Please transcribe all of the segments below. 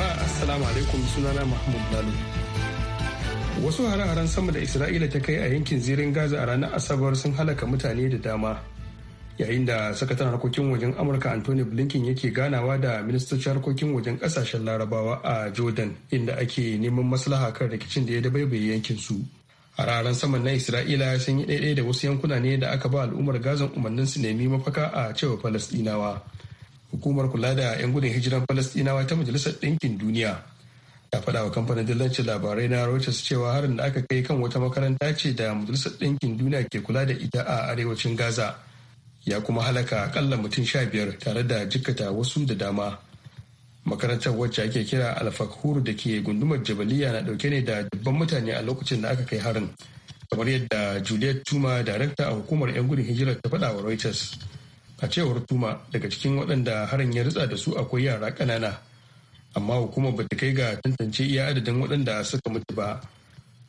jama'a assalamu alaikum sunana mahmud lalo wasu hare-haren sama da isra'ila ta kai a yankin zirin gaza a ranar asabar sun halaka mutane da dama yayin da sakataren harkokin wajen amurka anthony blinken yake ganawa da ministocin harkokin wajen kasashen larabawa a jordan inda ake neman maslaha kan rikicin da ya dabaibaye yankin su hararen saman na isra'ila sun yi ɗaiɗai da wasu yankuna ne da aka ba al'ummar gazan umarnin su nemi mafaka a cewa falasdinawa hukumar kula da 'yan gudun hijirar falastinawa ta majalisar ɗinkin duniya ta faɗa wa kamfanin dillancin labarai na reuters cewa harin da aka kai kan wata makaranta ce da majalisar ɗinkin duniya ke kula da ita a arewacin gaza ya kuma halaka akalla mutum sha biyar tare da jikkata wasu da dama makarantar wacce ake kira alfakhur da ke gundumar jabaliya na ɗauke ne da dubban mutane a lokacin da aka kai harin kamar yadda juliet tuma darakta a hukumar 'yan gudun hijirar ta faɗa wa reuters a cewar tuma daga cikin waɗanda harin ya ritsa da su akwai yara ƙanana amma hukumar ba ta kai ga tantance iya adadin waɗanda suka mutu ba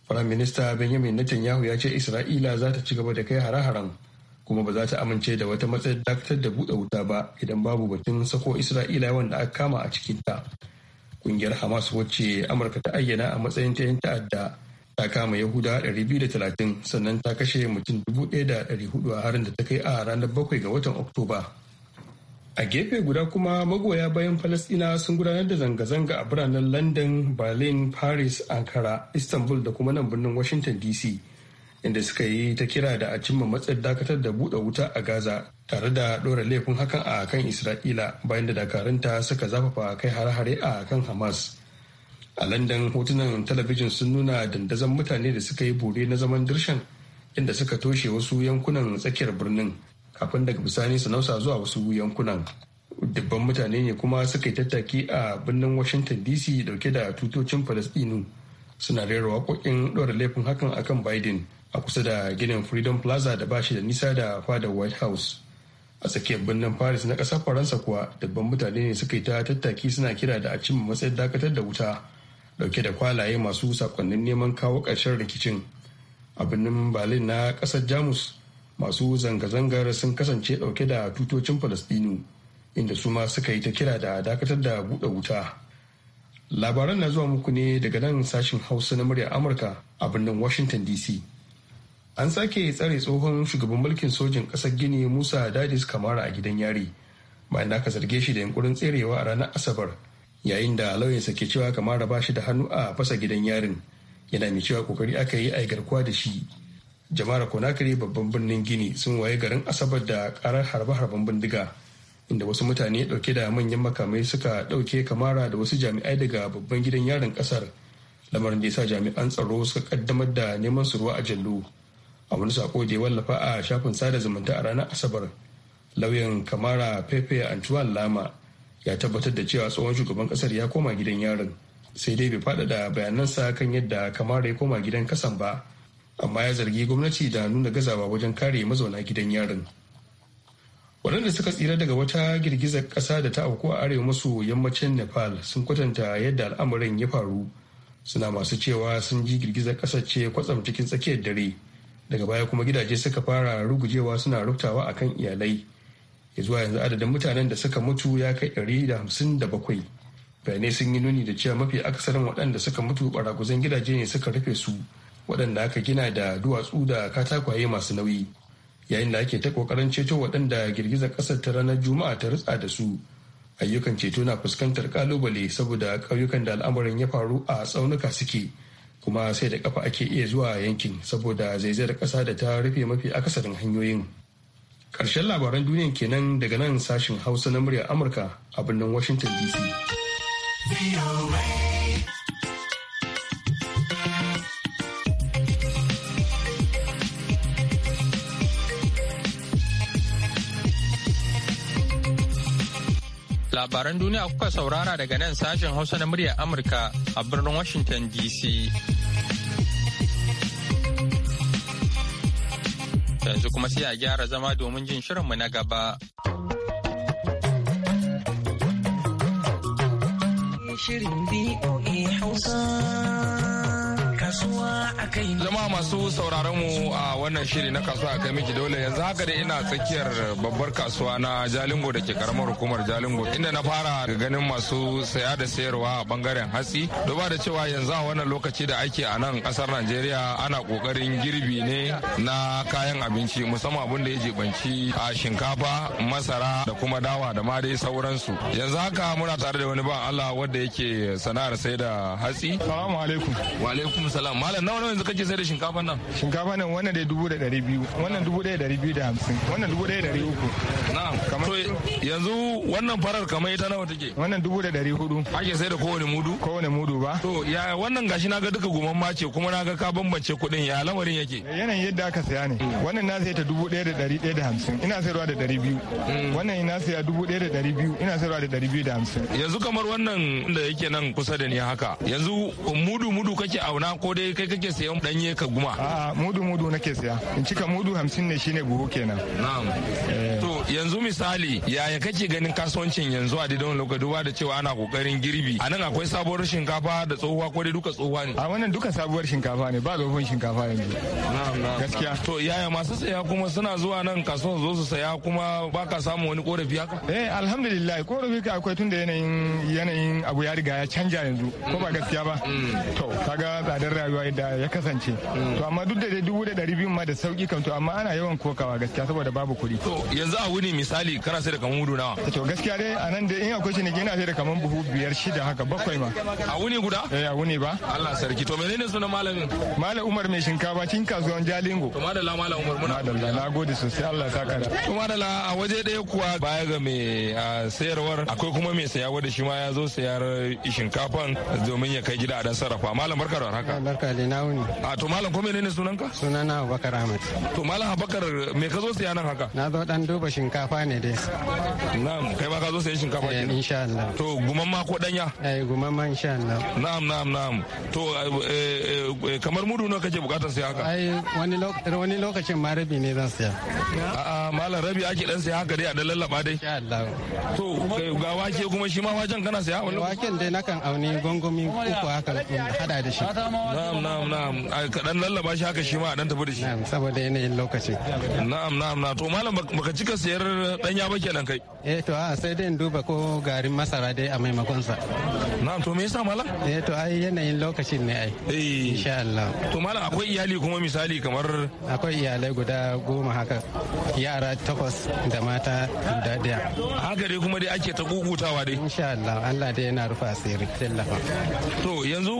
firaminista benjamin netanyahu ya ce isra'ila za ta ci gaba da kai hare-haren kuma ba za ta amince da wata matsayar dakatar da buɗe wuta ba idan babu batun sako isra'ila wanda aka kama a cikinta ƙungiyar hamas wacce amurka ta ayyana a matsayin ta 'yan ta'adda ta kama yahuda 230 sannan ta kashe mutum 1,400 a harin da ta kai a ranar 7 ga watan oktoba a gefe guda kuma magoya bayan falastina sun gudanar da zanga-zanga a biranen london berlin paris ankara istanbul da kuma nan birnin washington dc inda suka yi ta kira da a cimma matsayin dakatar da buɗe wuta a gaza tare da ɗora laifin hakan a kan isra'ila bayan da dakarunta suka zafafa kai hare-hare a kan hamas a london hotunan talabijin sun nuna dandazon mutane da suka yi bore na zaman dirshan inda suka toshe wasu yankunan tsakiyar birnin kafin daga bisani sanausa zuwa wasu yankunan dubban mutane ne kuma suka yi tattaki a birnin washington dc dauke da tutocin falasɗinu suna rera waƙoƙin ɗora laifin hakan akan biden a kusa da ginin freedom plaza da bashi da nisa da fadar white house a tsakiyar birnin paris na ƙasar faransa kuwa dubban mutane ne suka yi ta tattaki suna kira da a cimma matsayin dakatar da wuta dauke da kwalaye masu sakonnin neman kawo ƙarshen rikicin a birnin berlin na ƙasar jamus masu zanga-zangar sun kasance dauke da tutocin falastinu inda su ma suka yi ta kira da dakatar da buɗe wuta labaran na zuwa muku ne daga nan sashen hausa na muryar amurka a birnin washington dc an sake tsare tsohon shugaban mulkin sojin ƙasar gini musa dadis kamara a gidan yari bayan da aka zarge shi da yunkurin tserewa a ranar asabar yayin da lauyansa ke cewa kamara ba shi da hannu a fasa gidan yarin yana mai cewa kokari aka yi a garkuwa da shi jama'ar konakiri babban birnin gini sun waye garin asabar da karar harbe-harben bindiga inda wasu mutane dauke da manyan makamai suka dauke kamara da wasu jami'ai daga babban gidan yarin kasar lamarin da ya sa jami'an tsaro suka kaddamar da neman su ruwa a jallo a wani sako da ya wallafa a shafin sada zumunta a ranar asabar lauyan kamara pepe antoine lama ya tabbatar da cewa tsohon shugaban kasar ya koma gidan yarin sai dai bai faɗaɗa bayanansa kan yadda kamara ya koma gidan kasan ba amma ya zargi gwamnati da nuna gazawa wajen kare mazauna gidan yarin waɗanda suka tsira daga wata girgizar ƙasa da ta auku a arewa maso yammacin nepal sun kwatanta yadda al'amarin ya faru suna masu cewa sun ji girgizar ƙasar ce kwatsam cikin tsakiyar dare daga baya kuma gidaje suka fara rugujewa suna rubtawa akan iyalai zuwa yanzu adadin mutanen da suka mutu ya kai ɗari da hamsin da bakwai bayanai sun yi nuni da cewa mafi akasarin waɗanda suka mutu ɓaraguzan gidaje ne suka rufe su waɗanda aka gina da duwatsu da katakwaye masu nauyi yayin da ake ta ƙoƙarin ceto waɗanda girgizar ƙasar ta ranar juma'a ta rutsa da su ayyukan ceto na fuskantar kalubale saboda ƙauyukan da al'amarin ya faru a tsaunuka suke kuma sai da ƙafa ake iya zuwa yankin saboda zaizayar ƙasa da ta rufe mafi akasarin hanyoyin Ƙarshen labaran duniyan kenan daga nan sashin Hausa na muryar Amurka a birnin Washington DC. Labaran duniya kuka saurara daga nan sashin Hausa na muryar Amurka a birnin Washington DC. Yanzu kuma sai a gyara zama domin jin shirinmu na gaba. Shirin VOA Hausa. Zama masu sauraron mu a wannan shiri na kasuwa a kai miki dole yanzu haka da ina tsakiyar babbar kasuwa na jalingo da ke karamar hukumar jalingo inda na fara ganin masu saya da sayarwa a bangaren hatsi duba da cewa yanzu a wannan lokaci da ake a nan kasar najeriya ana kokarin girbi ne na kayan abinci musamman abin da ya jibanci a shinkafa masara da kuma dawa da ma dai sauransu yanzu haka muna tare da wani ban allah wanda yake sana'ar sai da hatsi salamu alaikum wa salam malam nawa nawa yanzu kake sai da shinkafa nan shinkafa nan wannan da dubu da dari biyu wannan dubu ɗaya dari biyu da hamsin wannan dubu ɗaya dari uku na'am kamar yanzu wannan farar kamar ita nawa take wannan dubu da ɗari hudu ake sai da kowane mudu kowane mudu ba to ya wannan gashi naga duka guman mace kuma naga ka bambance kuɗin ya lamarin yake yanayin yadda aka saya ne wannan na sai ta dubu ɗaya da ɗari ɗaya da hamsin ina sayarwa da ɗari biyu hmm. wannan ina saya dubu ɗaya da ɗari biyu ina sayarwa da ɗari biyu da hamsin yanzu kamar wannan da yake nan kusa da ni haka yanzu mudu mudu kake auna ko dai kai kake sayan danye ka guma a'a mudu mudu nake saya in cika mudu hamsin ne shine buhu kenan na'am eh. to yanzu misali yaya kake ganin kasuwancin yanzu a didon lokaci duba da cewa ana kokarin girbi a nan akwai sabuwar shinkafa da tsohuwa ko dai duka tsohuwa ne a wannan duka sabuwar shinkafa ne ba tsohon shinkafa yanzu na'am na'am gaskiya to yaya masu saya kuma suna zuwa nan kasuwar zo su saya kuma ba ka samu wani korafi haka eh alhamdulillah korafi ka akwai tunda yanayin yanayin abu ya riga ya canja yanzu ko ba gaskiya ba mm. to kaga tsadar rayuwa yadda ya kasance to amma duk da dai dubu da ɗari biyu ma da sauki kam to amma ana yawan kokawa gaskiya saboda babu kuɗi. to yanzu a wuni misali kana sai da kamar mudu nawa. to gaskiya dai a nan dai in akwai ne gina sai da kamar buhu biyar shida haka bakwai ma. a wuni guda. eh a wuni ba. Allah sarki to menene sunan malamin. malam Umar mai shinkafa cin kasuwan Jalingo. to madalla malam Umar muna. madalla na gode sosai Allah ya saka da. to madalla a waje ɗaya kuwa baya ga mai sayarwar akwai kuma mai saya da shi ma ya zo sayar shinkafan domin ya kai gida a dan sarrafa malam barkar da haka. barka da na wuni. A to malam ko menene sunanka? Sunana Abubakar Ahmad. To malam Abubakar me ka zo siya nan haka? Na zo dan duba shinkafa ne dai. Na'am kai ba ka zo siya shinkafa eh, ne. Insha Allah. To guman ma ko danya? Eh guman ma insha Allah. Na'am na'am na'am. To eh, eh, kamar mudu ne kake bukatar siya haka? Ai wani wani lokacin ma rabi ne zan siya. A'a malam rabi ake dan siya haka dai a dan lallaba dai. Insha Allah. To ga wake kuma shi ma wajen kana siya wani? Waken dai nakan auni gongomi uku haka hada da shi. na'am na'am na'am kadan lallaba shi haka shi ma a dan tafi da shi saboda yanayin lokaci na'am na'am na to malam baka cika siyar danya ba kenan kai eh to a sai dai in duba ko garin masara dai a maimakon sa na'am to me yasa malam eh to ai yanayin lokacin ne ai eh insha Allah to malam akwai iyali kuma misali kamar akwai iyalai guda goma haka yara takwas da mata guda daya haka dai kuma dai ake ta gugutawa dai insha Allah Allah dai yana rufa asiri tallafa to yanzu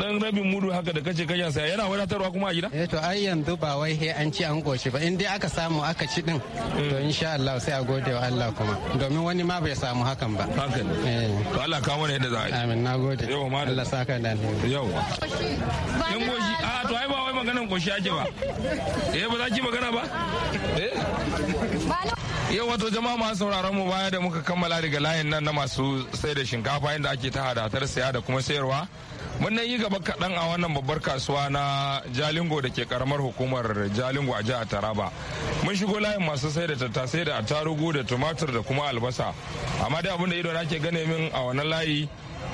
dan rabin mudu nono haka da kace kayan saya yana wadatarwa kuma a gida eh to ai yanzu ba wai he an ci an goce ba in dai aka samu aka ci din to eh. insha Allah sai a gode wa Allah kuma domin wani ma bai samu hakan ba haka eh to Allah ka mana yadda za a yi amin nagode yau ma Allah saka da alheri yawa dan goshi a to ai ba wai maganar goshi ake ba eh ba za ki magana ba eh yau wato jama'a masu sauraron mu baya da muka kammala daga layin nan na masu sai da shinkafa inda ake ta hadatar siya da kuma sayarwa mun yi gaba kaɗan a wannan babbar kasuwa na jalingo da ke karamar hukumar jalingo a jihar taraba mun shigo layin masu sai da tattasai da attarugu da tumatur da kuma albasa amma dai abin da ido na ke gane min a wannan layi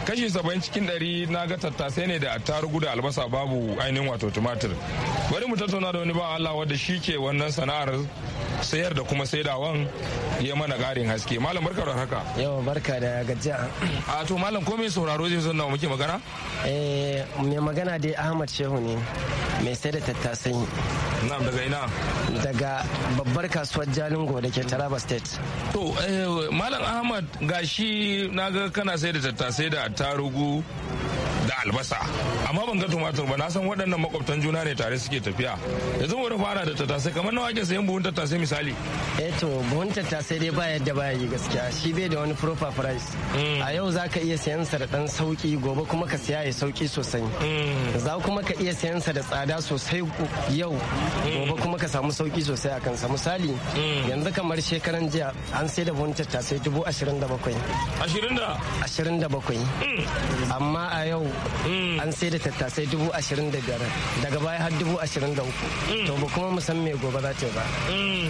kashi saba'in cikin ɗari na ga tattasai ne da attarugu da albasa babu ainihin wato tumatir bari mu tattauna da wani ba Allah wadda shi ke wannan sana'ar sayar da kuma saidawan ya mana garin haske malam barka da haka yau barka da gajiya a to malam komai sauraro zai zo nawa muke magana eh mai magana dai ahmad shehu ne mai sai da tattasai na daga ina daga babbar kasuwar jalingo da ke taraba state to eh, malam ahmad gashi na kana sai da tattasai da tarugu albasa amma ban ga tumatur ba na san waɗannan makwabtan juna ne tare suke tafiya yanzu wani fara da tattase kamar nawa ake sayan buhun tattase misali eh to buhun tattase dai ba yadda ba yi gaskiya shi bai da wani proper price hmm. a yau za ka iya sayan sa da dan sauki gobe kuma ka siya ya sauki sosai hmm. za kuma ka iya sayan sa da tsada sosai yau gobe kuma ka samu sauki sosai a sa misali hmm. yanzu kamar shekaran jiya an sai da buhun tattase dubu ashirin da bakwai ashirin da ashirin da bakwai amma a yau Mm. an sai da tattasai dubu ashirin da biyar daga baya har dubu ashirin da uku mm. to ba kuma mu san me gobe za ta ba mm.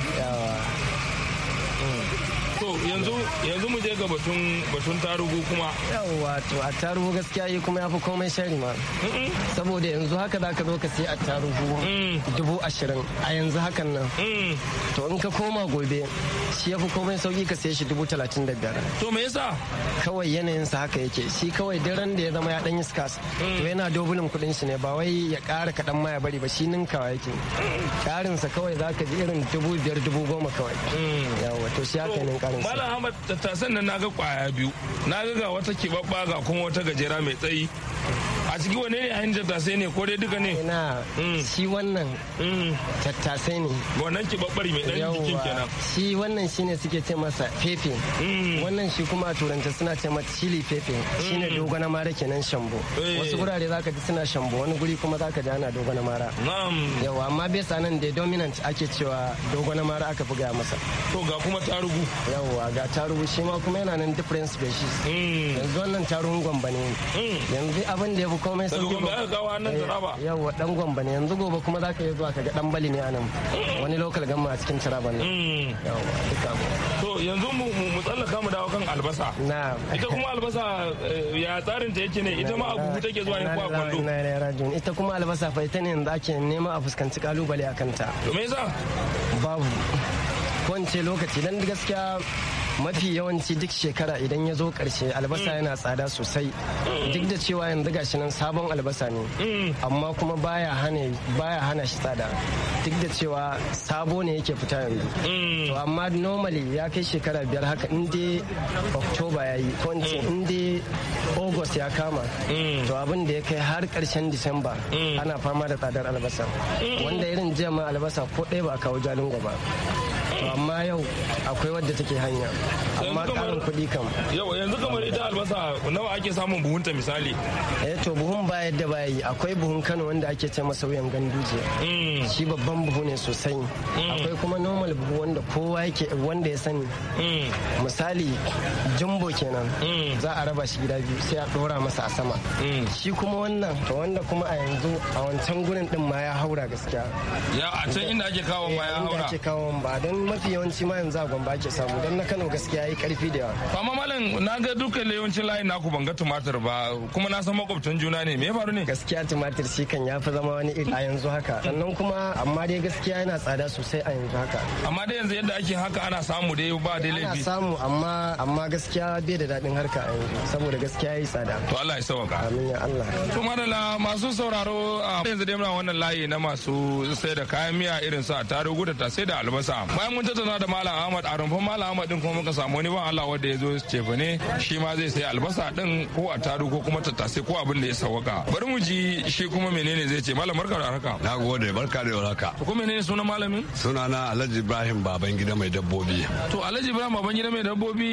to yanzu yanzu mu je ga batun batun tarugu kuma yawa to a tarugu gaskiya yi eh kuma yafi komai shari ma saboda yanzu haka za ka zo ka sai a tarugu mm. dubu ashirin a yanzu hakan nan mm. to in ka koma gobe shi yafi komai sauki ka sai shi dubu talatin da biyar to me yasa kawai yanayin sa haka yake shi kawai daren da ya zama ya dan yi skas mm. to yana dobulin kudin shi ne ba wai ya kara kadan ma ya bari ba shi ninkawa yake karin sa kawai za ka ji irin dubu biyar dubu goma kawai yawa to shi haka ne karin malam ahmad tasan nan ga kwaya biyu na ga wata kibabba ga kuma wata gajera mai tsayi a ciki wane ne ainihin tattasai ne ko dai duka ne hmm. shi wannan hmm. tattasai ne wannan ki babbari mai dan jikin kenan shi wannan shine suke ce masa fefe hmm. wannan shi kuma a turanta suna ce masa chili fefe shine dogon mara kenan shambo eh. wasu gurare zaka ji suna shambo wani guri kuma zaka ji ana dogon mara yawa amma bai sanan da dominant ake cewa dogon mara aka buga masa to ga kuma tarugu yawa ga tarugu shi ma kuma yana nan difference shi yanzu wannan tarugun gwamba ne yanzu abin da abu komai sun yi yawa dan gwamba ne yanzu gobe kuma za ka yi zuwa kaga dan bali ne anan wani lokal gamma a cikin taraba ne mm. yawa duka to yanzu mu mu tsallaka mu dawo kan albasa na ita kuma albasa eh, ya tsarin ta yake ne ita ma abu take zuwa ne ko a kwando na na rajin ita kuma albasa fa ita ne yanzu ake nema a fuskanci kalubale a kanta to me yasa babu ko lokaci dan gaskiya mafi yawanci duk shekara idan ya zo karshe albasa mm. yana tsada sosai mm. duk da cewa yanzu gashi nan sabon albasa ne mm. amma kuma baya hana baya hana shi tsada duk da cewa sabo ne yake fita yanzu to amma normally ya kai shekara biyar haka in dai october ya ko in dai august ya kama to abin da ya kai har karshen december ana fama da tsadar albasa wanda irin jiya albasa ko ɗaya ba a kawo jalingo ba to amma yau akwai wadda take hanya amma karin kuɗi kam yanzu kamar ita albasa nawa ake samun buhunta misali eh to buhun ba yadda ba yi akwai buhun Kano wanda ake ce masa wuyan ganduje mm. shi babban buhu ne sosai mm. akwai kuma normal buhu wanda kowa yake wanda ya sani mm. misali jumbo kenan za a raba shi gida biyu sai a dora masa a sama shi kuma wannan to wanda kuma a yanzu a wancan gurin din ma ya haura gaskiya ya a can inda ake kawo ma ya eh, haura ake kawo ba don mafi yawanci ma yanzu a gwamba ake samu don na kano gaskiya yi karfi da yawa amma malam na ga dukkan yawancin layin naku ban ga tumatir ba kuma na san makwabtan juna ne me ya faru ne gaskiya tumatir shi kan ya fi zama wani iri a yanzu haka sannan kuma amma dai gaskiya yana tsada sosai a yanzu haka amma dai yanzu yadda ake haka ana samu dai ba dai laifi ana samu amma amma gaskiya bai da daɗin harka a yanzu saboda gaskiya yi tsada to Allah ya sauka amin ya Allah to madalla masu sauraro a yanzu dai muna wannan layi na masu sai da kayan miya irin su a tarugu da tasai da albasa bayan mun tattauna da malam ahmad a rumfin malam ahmad din kuma muka samu wani ban allah wanda ya zo cefa ne shi ma zai sai albasa din ko a taru ko kuma tattase ko abin da ya sawaka bari mu ji shi kuma menene zai ce malam barka da haka na gode barka da haka ko menene sunan malamin sunana alhaji ibrahim baban gida mai dabbobi to alhaji ibrahim baban gida mai dabbobi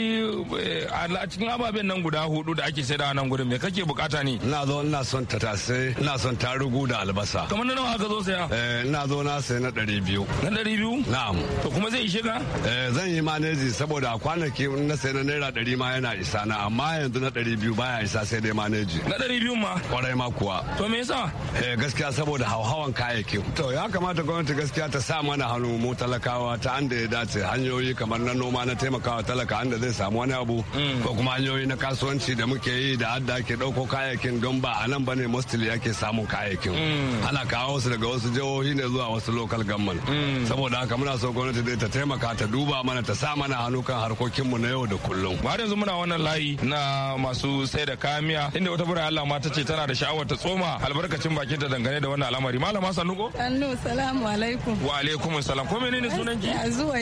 eh, a cikin ababen nan guda hudu da ake saidawa nan gudun me kake bukata ne ina zo ina son tattase ina son tarugu da albasa kamar na nawa aka zo saya eh ina zo na sai na 200 na 200 na'am to kuma zai zai ishe eh, zan yi maneji saboda kwanaki na sai na naira ɗari ma yana isa na amma yanzu na ɗari biyu baya isa sai dai maneji. Na ɗari biyu ma? Kwarai ma kuwa. To me yasa? Eh, gaskiya saboda hauhawan kayayyakin. To ya kamata gwamnati gaskiya ta sa mana hannu mu talakawa ta an da ya dace hanyoyi kamar na noma na taimakawa talaka an da zai samu wani abu. Mm. Ko kuma hanyoyi na kasuwanci da muke yi da adda ke ɗauko kayayyakin don ba a nan bane mostly ake samun kayayyakin. Mm. Ana kawo su daga wasu jihohi ne zuwa wasu local government. Mm. Saboda haka muna so gwamnati dai ta taimaka ta duba mana ta sa mana hannu kan harkokinmu na yau da kullum. Ba yanzu muna wannan layi na masu sai da kamiya inda wata bura Allah ma ta ce tana da sha'awar ta tsoma albarkacin bakinta dangane da wannan al'amari. Malama Sanugo? Sannu salamu alaikum. Wa alaikum salam. Ko menene sunan ki? zuwa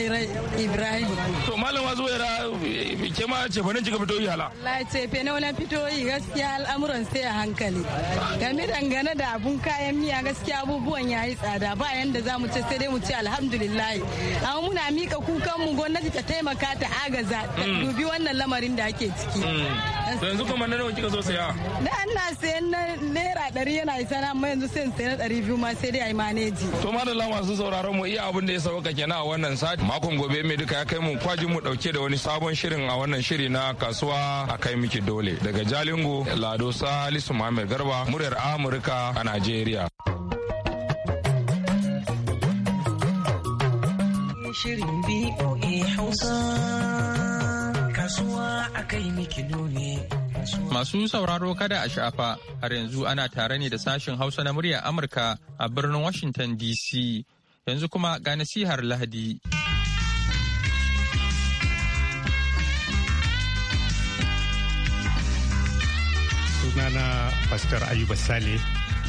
Ibrahim. To malama ira ke ma ce fa nan kika fito yi hala. Wallahi ce fe na wani fito yi gaskiya al'amuran sai a hankali. Game dangane da abun kayan miya gaskiya abubuwan yayi tsada ba yanda za mu ce sai dai mu ce alhamdulillah. Amma muna mika kukan mu gwamnati ta taimaka ta agaza ta mm. dubi wannan lamarin da ake ciki mm. yanzu kuma na nawa kika zo saya da ina sayan na naira ɗari yana isa na amma yanzu sai sayan ɗari biyu ma sai dai ai maneji to madalla masu sauraron mu iya abin da ya sauka kenan a wannan sati makon gobe mai duka ya kai mu kwajin mu dauke da wani sabon shirin a wannan shiri na kasuwa a kai miki dole daga jalingo lado salisu muhammad garba muryar amurka a najeriya shirin BOA Hausa. Kasuwa a kai Masu sauraro kada a shafa har yanzu ana tare ne da sashen Hausa na murya Amurka a birnin Washington DC. Yanzu kuma ga nasihar Lahadi. Sunana Pastor Ayuba saleh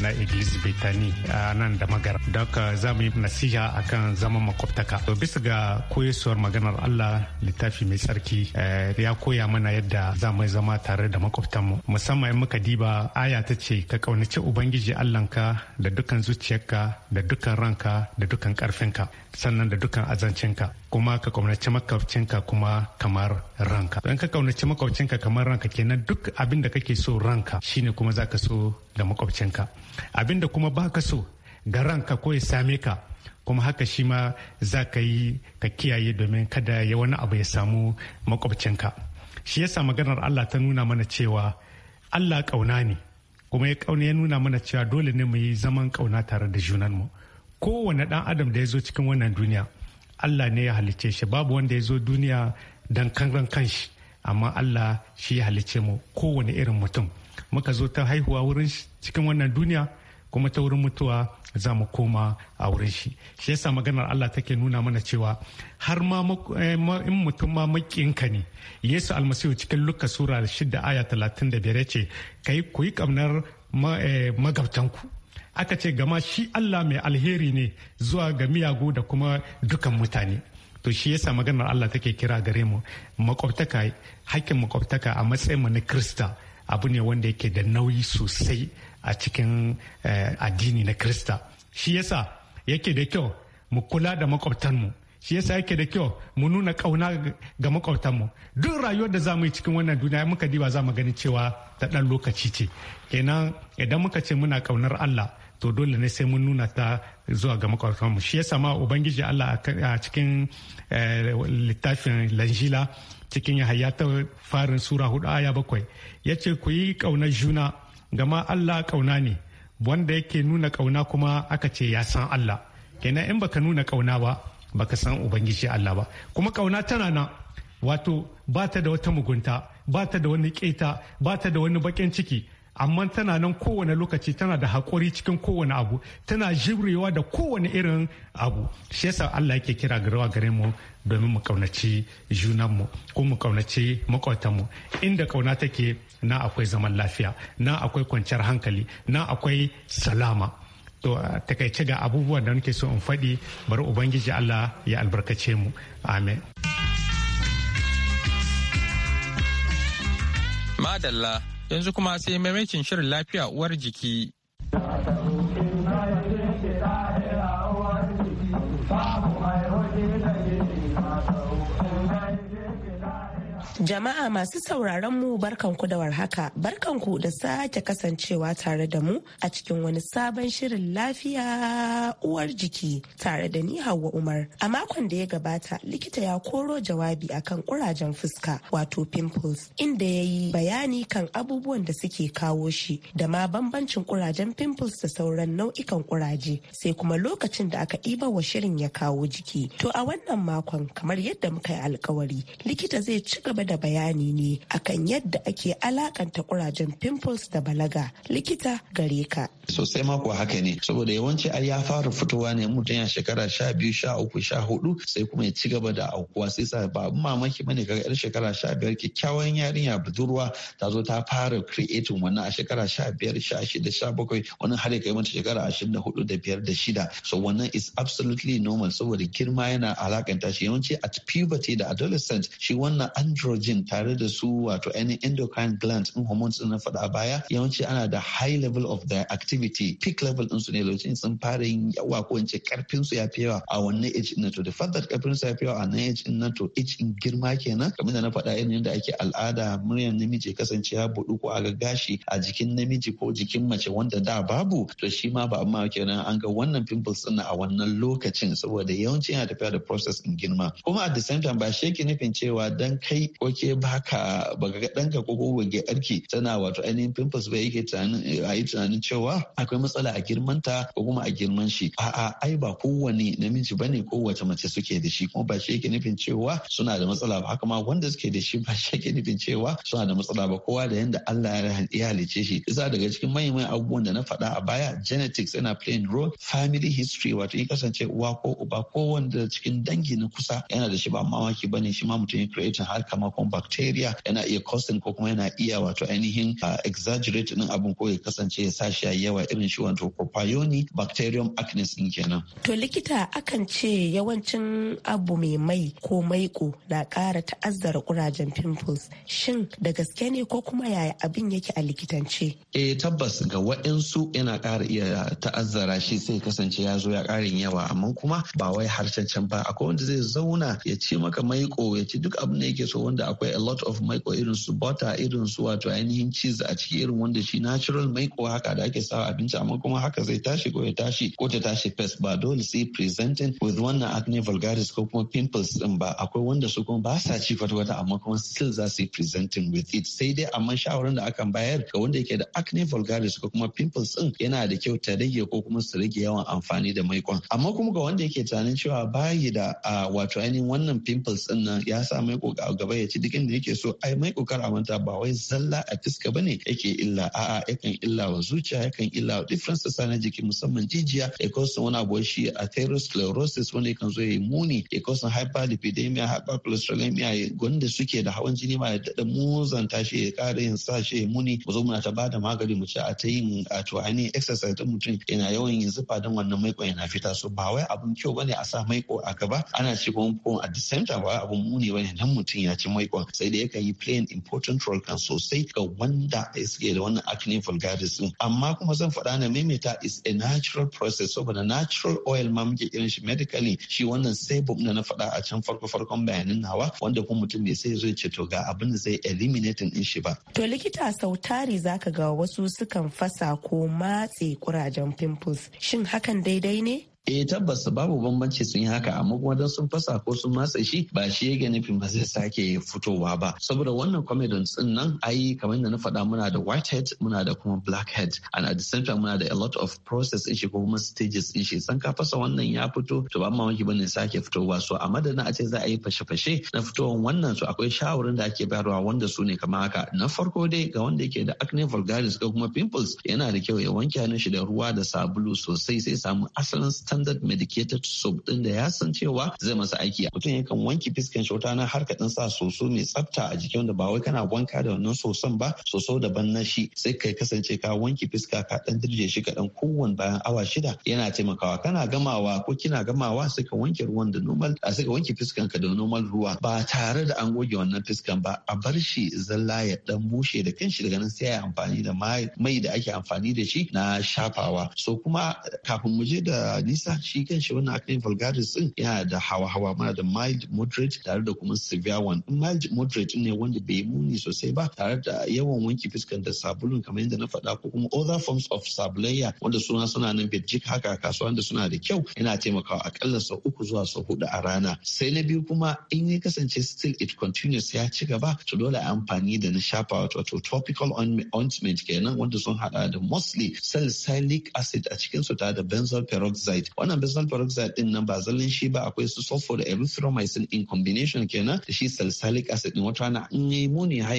na Iglis Betani a nan da magara Daka za mu yi nasiha a kan zaman makwabtaka. To bisa ga koyesuwar maganar Allah littafi mai tsarki eh, ya koya mana yadda za mu zama tare da makwabtanmu. Musamman muka diba aya ta ce ka kaunaci Ubangiji Allahnka da dukan zuciyarka da dukan ranka da dukan karfinka sannan da dukan azancinka. kuma ka kaunaci makwabcinka kuma kamar ranka don ka kaunaci makwabcinka kamar ranka kenan duk abin da kake so ranka shine kuma za ka so ga makwabcinka abin da kuma ka so ga ranka ko ya same ka kuma haka shi ma za ka yi ka kiyaye domin kada ya wani abu ya samu makwabcinka shi yasa maganar Allah ta nuna mana cewa Allah kauna ne kuma ya kauna ya nuna mana cewa dole ne mu yi zaman kauna tare da junanmu kowane dan adam da ya zo cikin wannan duniya Allah ne ya halicce shi babu wanda ya zo duniya don kangren kanshi amma Allah shi ya halicce mu kowane irin mutum muka zo ta haihuwa wurin cikin wannan duniya kuma ta wurin mutuwa za mu koma a wurin shi shi yasa maganar Allah take nuna mana cewa har ma eh, in mutum ma makinka ne Yesu almasihu cikin Luka sura 6 aya 35 ya ce kai ku yi kamnar eh, magabtanku aka ce gama shi Allah mai alheri ne zuwa ga miyagu da kuma dukan mutane to shi yasa maganar Allah take kira gare mu makwabtaka hakkin makwabtaka a matsayin mu na Krista abu ne wanda yake da nauyi sosai a cikin eh, addini na Krista shi yasa yake da kyau mu kula da makwabtanmu mu shi yasa yake da kyau mu nuna kauna ga mu duk rayuwar da zamu yi cikin wannan duniya muka diba za mu gani cewa ta ɗan lokaci ce kenan idan muka ce muna kaunar Allah to dole ne sai mun nuna ta zuwa ga makwabtanmu shi yasa ma ubangiji Allah a cikin eh, littafin lanjila cikin yahaya ta farin sura hudu aya bakwai ya ce ku yi kaunar juna gama Allah kauna ne wanda yake nuna kauna kuma aka ce ya san Allah kenan in baka nuna kauna ba baka san ubangiji Allah ba kuma kauna tana nan wato ba ta da wata mugunta ba ta da wani keta ba ta da wani bakin ciki amma tana nan kowane lokaci tana da haƙuri cikin kowane abu tana jibrewa da kowane irin abu shi yasa Allah yake kira garawa gare mu domin mu kaunaci mu ko mu kaunaci makwatan mu inda kauna take na akwai zaman lafiya na akwai kwanciyar hankali na akwai salama to a takaice ga abubuwan da nake so in faɗi bari ubangiji allah ya albarkace mu amen madalla yanzu kuma sai maimakin shirin lafiya uwar jiki Jama'a masu sauraron mu barkan barkanku da warhaka, barkanku da sake kasancewa tare da mu a cikin wani sabon shirin lafiya uwar jiki tare da ni Hauwa Umar. A makon da ya gabata likita ya koro jawabi akan kurajen fuska wato pimples inda ya yi bayani kan abubuwan da suke kawo shi da ma bambancin kurajen pimples da sauran nau'ikan kuraje sai kuma lokacin da aka ɗiba wa shirin ya kawo jiki. To a wannan makon kamar yadda muka yi alkawari likita zai ci gaba da bayani ne akan yadda ake alakanta kurajen pimples da balaga likita gare ka. Sosai mako haka ne saboda yawanci ai ya fara fitowa ne mutum ya shekara sha biyu sha uku sha hudu sai kuma ya ci gaba da aukuwa sai sa ba mamaki bane kaga yar shekara sha biyar kyakkyawan yarinya budurwa ta zo ta fara creating wannan a shekara sha biyar sha shida sha bakwai wannan har ya kai mata shekara ashirin da hudu da biyar da shida so wannan is absolutely normal saboda girma yana alakanta shi yawanci at puberty da adolescent shi wannan andro. estrogen tare da su wato ainihin endocrine gland in hormones din na faɗa baya yawanci ana da high level of their activity peak level din su ne lokacin sun fara yin yawa ko in ce karfin su ya fi yawa a wannan age din to the fact that karfin su ya fi yawa a nan age din to age in girma kenan kamar da na faɗa irin yadda ake al'ada muryar namiji kasance ya buɗu ko aga gashi a jikin namiji ko jikin mace wanda da babu to shi ma ba amma kenan an ga wannan pimples din a wannan lokacin saboda yawanci yana tafiya da process in girma kuma at the same time ba shi yake nufin cewa dan kai ko wake baka baka ga danka ko kuma ga arki tana wato ainihin pimples ba yake tunanin eh, a yi tunanin cewa akwai matsala a girman ta ko kuma a girman shi a'a ai ba kowane namiji bane kowace mace suke da shi kuma ba shi yake nufin cewa suna da matsala ba haka ma wanda suke da shi ba shi yake nufin cewa suna da matsala ba kowa da yanda Allah ya halice shi isa daga cikin manyan abubuwan da na faɗa a baya genetics yana playing role family history wato in kasance uwa ko uba ko wanda cikin dangi na kusa yana da shi ba mamaki bane shi ma mutum ya create har kama kuma bacteria yana iya causing ko kuma yana iya wato ainihin ah, exaggerate din abin ko ya kasance ya sa shi yawa irin shi wato propionic bacterium acnes din kenan. To likita akan ce yawancin abu mai mai ko maiko na ƙara ta'azzara kurajen pimples shin da gaske ne ko kuma yaya abin yake a likitance? Eh tabbas ga waɗansu yana ƙara iya ta'azzara shi sai kasance ya zo ya ƙarin yawa amma kuma ba wai can ba akwai wanda zai zauna ya ce maka maiko ya ce duk abin da yake so wanda akwai a lot of maiko irin su butter irin su wato ainihin cheese a ciki irin wanda shi natural maiko haka da ake sawa abinci amma kuma haka zai tashi ko ya tashi ko ta tashi pest ba dole sai presenting with wannan acne vulgaris ko kuma pimples din ba akwai wanda su kuma ba sa ci kwata-kwata amma kuma still za su yi presenting with it sai dai amma shawarar da akan bayar ga wanda yake da acne vulgaris ko kuma pimples din yana da kyau ta rage ko kuma su rage yawan amfani da maikon amma kuma ga wanda yake tunanin cewa bayi da ah, wato ainihin wannan pimples din nan ya sa maiko gaba ya ci shi da inda yake so ai mai kokar manta ba wai zalla a fiska bane yake illa a'a yakan illa wa zuciya yakan illa wa difference sassa na jiki musamman jijiya e kawo wani abu shi atherosclerosis wanda yakan zo ya yi muni e kawo hyperlipidemia hypercholesterolemia wanda suke da hawan jini ma ya dada muzan shi ya kara yin sa shi ya muni mu zo muna ta bada magani mu ce a ta yin a to exercise ta mutum yana yawan yin zufa don wannan maiko yana fita so ba wai abun kyau bane a sa maiko a gaba ana ci kuma a the same time ba abun muni bane dan mutum ya ci maikon sai da yakan yi playing important role kan sosai ga wanda suke da wannan acne vulgaris din amma kuma zan faɗa na maimaita is a natural process saboda natural oil ma muke kiran shi medically shi wannan sebum na na faɗa a can farko farkon bayanin nawa wanda kuma mutum ne sai zai ce to ga abin da zai eliminating din shi ba to likita sautari zaka ga wasu sukan fasa ko matse kurajen pimples shin hakan daidai ne eh tabbas babu bambanci sun yi haka amma kuma don sun fasa ko sun matsa shi ba shi yake nufin ba zai sake fitowa ba saboda wannan comedian din nan ai kamar da na faɗa muna da whitehead muna da kuma blackhead and at the same time muna da a lot of process in shi ko kuma stages in shi san ka fasa wannan ya fito to ba mamaki bane sake fitowa so a madadin a ce za a yi fashe-fashe na fitowan wannan su akwai shawarin da ake bayarwa wanda su ne kamar haka na farko dai ga wanda yake da acne vulgaris ko kuma pimples yana da kyau ya wanke hannun shi da ruwa da sabulu sosai sai samu asalin stand standard medicated soap din da ya san cewa zai masa aiki mutum yakan wanki fiskan shi wata har ka sa soso mai tsafta a jikin da ba wai kana wanka da wannan soson ba soso daban na shi sai kai kasance ka wanki fiska ka dan dirje shi kaɗan dan kowanne bayan awa shida yana taimakawa kana gamawa ko kina gamawa sai ka wanke ruwan da normal a sai ka wanke fiskan ka da normal ruwa ba tare da an goge wannan fiskan ba a bar shi zalla ya dan bushe da kanshi daga nan sai ya amfani da mai da ake amfani da shi na shafawa so kuma kafin mu je da nisa shi kan shi wannan akan vulgaris din yana da hawa-hawa mana da mild moderate tare da kuma severe one mild moderate ne wanda bai muni sosai ba tare da yawan wanki fuskan da sabulun kamar yadda na faɗa ko kuma other forms of sabulayya wanda suna suna nan birjik haka kasuwan da suna da kyau yana taimakawa akalla sau uku zuwa sau hudu a rana sai na biyu kuma in ya kasance still it continues ya ci gaba to dole amfani da na shafa wato topical ointment kenan wanda sun hada da mostly salicylic acid a cikin su da benzoyl peroxide wannan benzoyl peroxide din nan ba zallin shi ba akwai su sulfur da erythromycin in combination kenan da shi salicylic acid din wata na. in yi muni har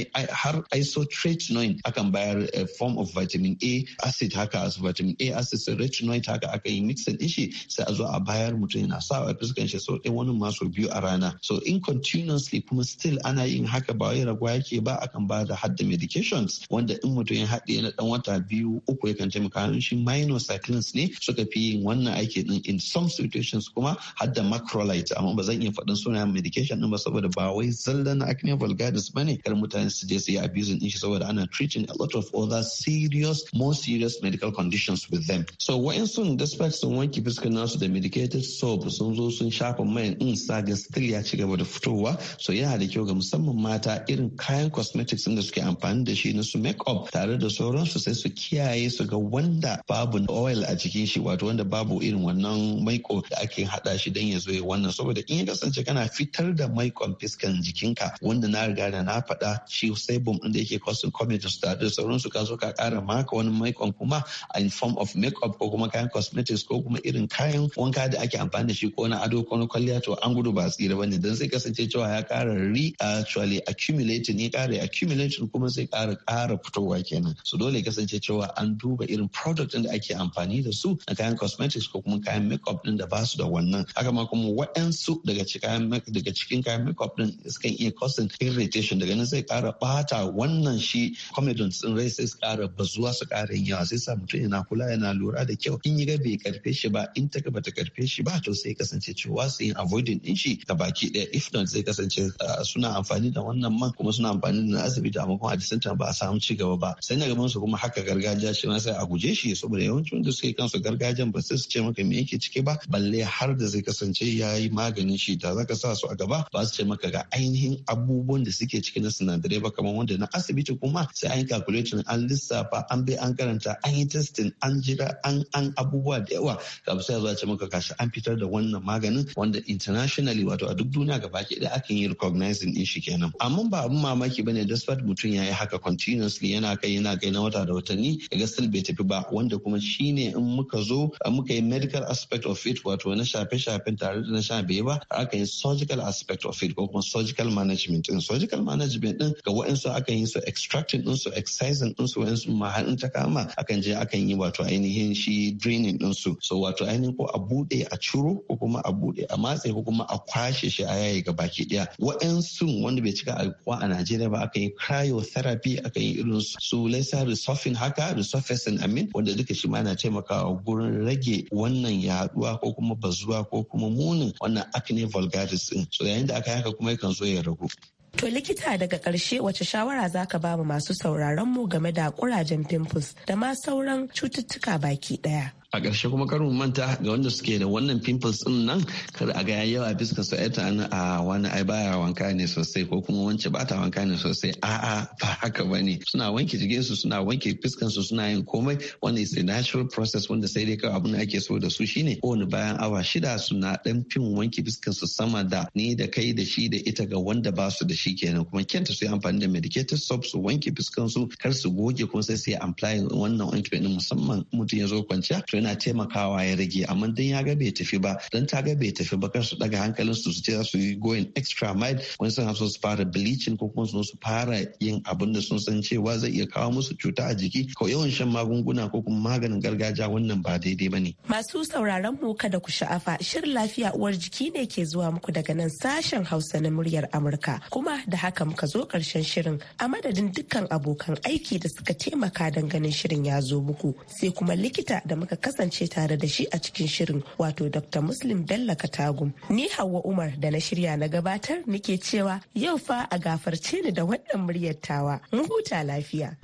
isotretinoin akan bayar a eh, form of vitamin A acid haka as vitamin A acid su retinoid haka aka yi mixin din shi sai a zo a bayar mutum yana sa a fuskan shi so ɗaya wani maso biyu a rana so in continuously kuma still ana yin haka ba wai ragwa yake ba akan ba da hadda medications wanda in mutum ya haɗe na ɗan wata biyu uku yakan taimaka shi minocyclines ne suka fi yin wannan aiki take din in some situations kuma har da macrolide amma ba zan iya faɗin sunayen medication din ba saboda ba wai zallan na acne vulgaris bane kar mutane su je su yi abusing din shi saboda ana treating a lot of other serious more serious medical conditions with them so wa'insu despite sun wanke fuska nasu da medicated soap sun zo sun shafa mai in sa still ya ci gaba da fitowa so yana da kyau ga musamman mata irin kayan cosmetics da suke amfani da shi na su make up tare da sauransu sai su kiyaye su ga wanda babu oil a cikin shi wato wanda babu irin wannan maiko da ake haɗa shi don ya zo ya wannan saboda in ya kasance kana fitar da maikon fiskan jikinka wanda na riga da na faɗa shi sai bom ɗin da yake causing communities da sauransu ka zo ka ƙara maka wani maikon kuma in form of makeup ko kuma kayan cosmetics ko kuma irin kayan wanka da ake amfani da shi ko na ado ko na kwalliya to an gudu ba tsira bane dan sai kasance cewa ya ƙara re actually accumulating ya ƙara accumulating kuma sai ƙara ƙara fitowa kenan so dole kasance cewa an duba irin product ɗin da ake amfani da su na kayan cosmetics ko kuma kayan makeup din da ba su da wannan haka ma kuma waɗansu daga cikin daga cikin kayan makeup din suka iya causing irritation daga nan sai ƙara bata wannan shi comedians din rai sai su ƙara bazuwa su ƙara yin yawa sai sa mutum yana kula yana lura da kyau in yi ga bai karfe shi ba in ta ba karfe shi ba to sai kasance cewa su yin avoiding din shi ga baki ɗaya if not zai kasance ah, suna amfani da wannan man kuma suna amfani da asibiti amma kuma a disanta ba a samu ci gaba ba sai na gaban su kuma haka gargajiya shi ma sai a guje shi saboda yawancin da suke kansu gargajiyan ba sai su ce maka me yake ciki ba balle har da zai kasance ya yi maganin shi da zaka sa su a gaba ba su ce maka ga ainihin abubuwan da suke ciki na sinadarai ba kamar wanda na asibiti kuma sai an yi calculation an lissafa an bai an karanta an yi testing an jira an an abubuwa da yawa kafin sai za ce maka kashi an fitar da wannan maganin wanda internationally wato a duk duniya gaba ke da akan yi recognizing din shi kenan amma ba abun mamaki bane despite mutum ya yi haka continuously yana kai yana kai na wata da watanni ga still bai tafi ba wanda kuma shine in muka zo muka yi medical surgical aspect of it wato na shafe-shafen tare da na sha biyu ba aka yi surgical aspect of it ko kuma surgical management din surgical management din ga wa'ansu aka yi su extracting din su excising din su wa'ansu mahaɗin ta kama akan je akan yi wato ainihin shi draining din su so wato ainihin ko a bude a ciro ko kuma a bude a matse ko kuma a kwashe shi a yayi ga baki daya wa'ansu wanda bai cika alkuwa a Najeriya ba aka yi cryotherapy aka yi irin su laser resurfacing haka resurfacing amin wanda duka shi ma na taimakawa gurin rage wannan wannan yaduwa ko kuma bazuwa ko kuma munin wannan acne vulgaris din so yayin da aka haka kuma yakan zo ya ragu To likita daga karshe wace shawara za ka ba masu sauraron mu game da ƙurajen pimples da ma sauran cututtuka baki ɗaya? a ƙarshe kuma karin manta ga wanda suke da wannan pimples din nan Kar a ga yawa fuskar su ta a wani ai baya wanka ne sosai ko kuma wance ba ta wanka ne sosai a'a ba haka bane suna wanke jikin su suna wanke fuskan su suna yin komai wannan is a natural process wanda sai dai kawai abin da ake so da su shine ko wani bayan awa shida suna dan fin wanke fuskan su sama da ni da kai da shi da ita ga wanda ba su da shi kenan kuma kenta su yi amfani da medicated soap su wanke fuskan su kar su goge kuma sai su yi applying wannan ointment musamman mutum ya zo kwanciya yana taimakawa ya rage amma dan ya ga bai tafi ba dan ta ga bai tafi ba kar su daga hankalin su su ce za su yi going extra mile wani sun so su fara bleaching ko kuma su fara yin abin da sun san cewa zai iya kawo musu cuta a jiki ko yawan shan magunguna ko kuma maganin gargajiya wannan ba daidai ba ne. Masu sauraron mu kada ku sha'afa shirin lafiya uwar jiki ne ke zuwa muku daga nan sashen Hausa na muryar Amurka kuma da haka muka zo karshen shirin a madadin dukkan abokan aiki da suka taimaka dangane shirin ya zo muku sai kuma likita da muka kasance tare da shi a cikin shirin wato Dr. Muslim Bello Katagum. Ni Hauwa Umar da na shirya na gabatar nike cewa yau fa a gafarce ni da wannan muryar tawa. Mun huta lafiya.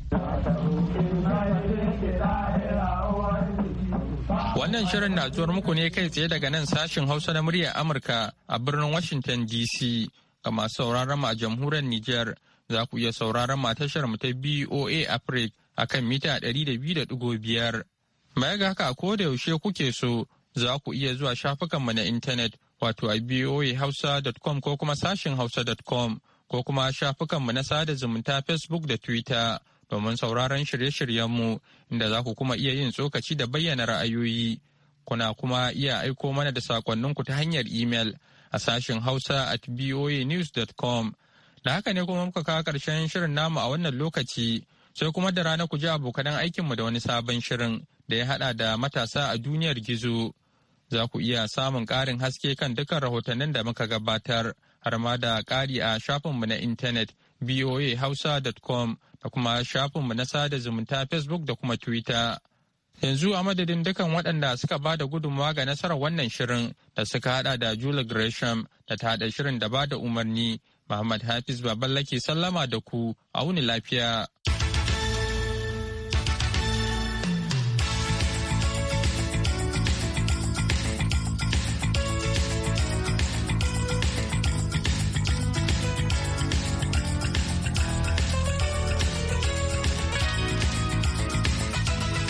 Wannan shirin na zuwar muku ne kai tsaye daga nan sashin Hausa na muryar Amurka a birnin Washington DC ga masu sauraron mu a jamhuriyar Nijar za ku iya sauraron mu tashar mu ta BOA Africa akan mita 200.5. Baya ga haka ko da yaushe kuke so za ku iya zuwa shafukanmu na intanet wato a voahausa.com ko kuma sashin hausa.com ko kuma shafukanmu na sada zumunta Facebook da Twitter domin sauraron shirye-shiryenmu inda za ku kuma iya yin tsokaci da bayyana ra'ayoyi. Kuna kuma iya aiko mana da ku ta hanyar imel a sashin hausa at voanews.com. Da haka ne kuma muka kawo karshen shirin namu a wannan lokaci sai kuma da rana ku ji abokanan aikinmu da wani sabon shirin. da ya hada da matasa a duniyar gizo. Za ku iya samun ƙarin haske kan dukkan rahotannin da muka gabatar har ma da ƙari a shafinmu na intanet voahausa.com da kuma shafinmu na sada zumunta Facebook da kuma Twitter. Yanzu a madadin dukkan waɗanda suka ba da gudunmawa ga nasarar wannan shirin da suka hada da jula Gresham da ta haɗa shirin da ba da umarni Muhammad Hafiz Baballake sallama da ku a wuni lafiya.